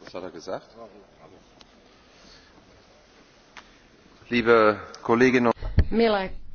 Was hat er gesagt? Liebe Kolleginnen und Kollegen,